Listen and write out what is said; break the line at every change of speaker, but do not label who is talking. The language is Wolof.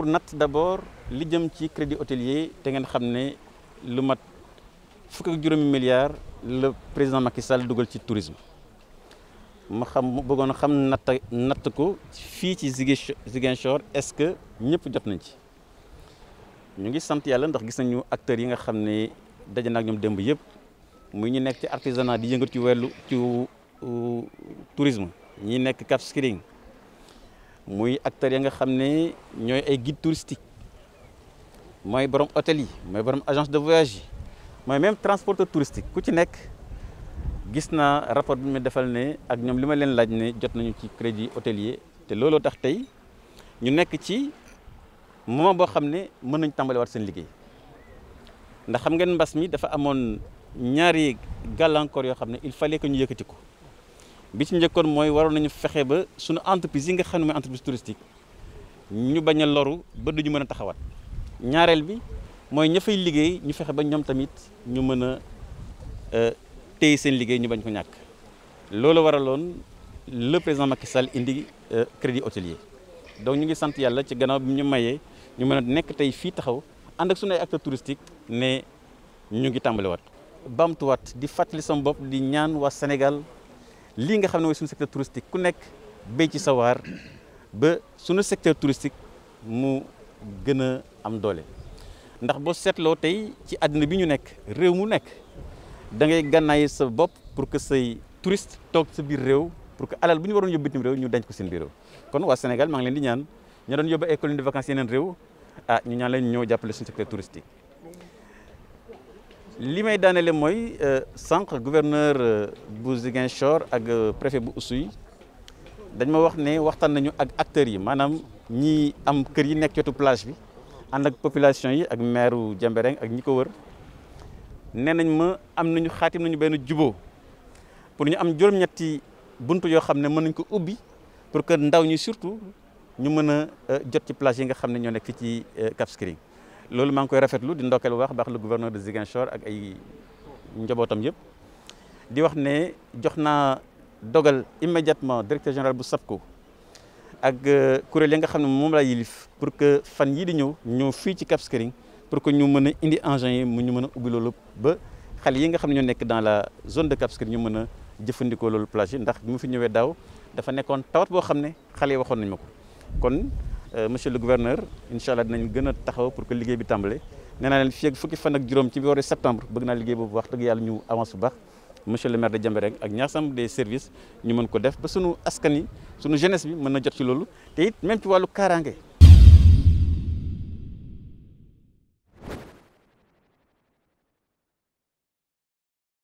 pour natt d'abord li jëm ci crédit hôtelier te ngeen xam ne lu mat fukk ak juróomi milliards le président Macky Sall dugal ci tourisme ma xam mu bëggoon xam natt natt ko fii ci Ziguinchor est-ce que ñëpp jot nañ ci ñu ngi sant yàlla ndox gis nañu acteurs yi nga xam ne daje na ak ñoom démb yëpp muy ñu nekk ci artisanat di yëngatu ci wellu ci tourisme ñi nekk Cap Skirring muy acteurs ya nga xam ne ñooy ay guide touristique mooy borom hôtel yi mooy borom agence de voyage mooy même transporteur touristique ku ci nekk gis naa rapport bi mu defal ne ak ñoom li ma leen laaj ne jot nañu ci crédit hôtelier te looloo tax tey ñu nekk ci moment boo xam ne mën nañu tàmbaliwaat seen liggéey ndax xam ngeen mbas mi dafa amoon ñaari gàllankoor yoo xam ne il fallait que ñu yëkkati ko. bi ci njëkkoon mooy waroon nañu fexe ba suñu entreprise yi nga xam ne mooy entreprise touristique ñu bañ a loru ba ñu mën a taxawaat ñaareel bi mooy ña liggéey ñu fexe ba ñoom tamit ñu mën a euh, téye seen liggéey ñu bañ ko ñàkk loolu waraloon le président Macky Sall indi euh, crédit hôtelier donc ñu ngi sant yàlla ci gannaaw bi ñu mayee ñu mën a nekk tey fii taxaw ànd ak suñu ay acteurs touristiques ne ñu ngi tàmbaliwaat bamtuwaat di fàttali sama bopp Sénégal lii nga xam ne mooy suñu secteur touristique ku nekk béy ci sawaar ba suñu secteur touristique mu gën a am doole ndax boo seetloo tey ci àddina bi ñu nekk réew mu nekk da ngay gànnaayi sa bopp pour que say touriste toog sa biir réew pour que alal bu ñu waroon yóbbu bitim réew ñu denc ko seen biir réew kon waa Sénégal maa ngi leen di ñaan ña doon yóbbu ay colonies de yeneen réew ah ñu ñaan leen ñoo jàppale suñu secteur touristique li may daanele mooy euh, sànq gouverneur euh, bu Ziguinchor ak euh, préfet bu Oussouye dañ ma wax ne waxtaan nañu ak acteurs yi maanaam ñi am kër yi nekk jotu plage bi ànd ak population yi ak maireu Jembereng ak ñi ko wër nee nañ ma am nañu xaatim nañu benn juboo pour ñu am juróom-ñetti buntu yoo xam ne mën nañ ko ubbi pour que ndaw ñi surtout ñu mën a jot ci plage yi nga xam ne ñoo nekk fii ci Cap Skirring loolu maa ngi koy rafetlu di ndokkeel bu baax baax le de Ziguinchor ak ay njabootam yëpp di wax ne jox naa dogal immédiatement directeur général bu ko ak euh, kuréel yi nga xam ne moom laa yilif pour que fan yii di ñëw ñëw fii ci Cap Skirring pour que ñu mën a indi engins yi mu ñu mën a ubbi loolu ba xale yi nga xam ne ñoo nekk dans la zone de Cap Skirring ñu mën a jëfandikoo loolu plage ndax bi mu fi ñëwee daaw dafa nekkoon tawat boo xam ne xale yi waxoon nañ ko Euh, monsieur le gouverneur incha allah dinañ gën a taxaw pour que liggéey bi tàmbale nee naa leen ak fukki fan ak juróom ci weeru septembre bëgg naa liggéey boobu wax dëgg yàlla ñu avance bu baax monsieur le maire de Diembéring ak ñaasam des services ñu mën ko def ba sunu askan yi sunu jeunesse bi mën na jot ci loolu te it même ci wàllu kaaraange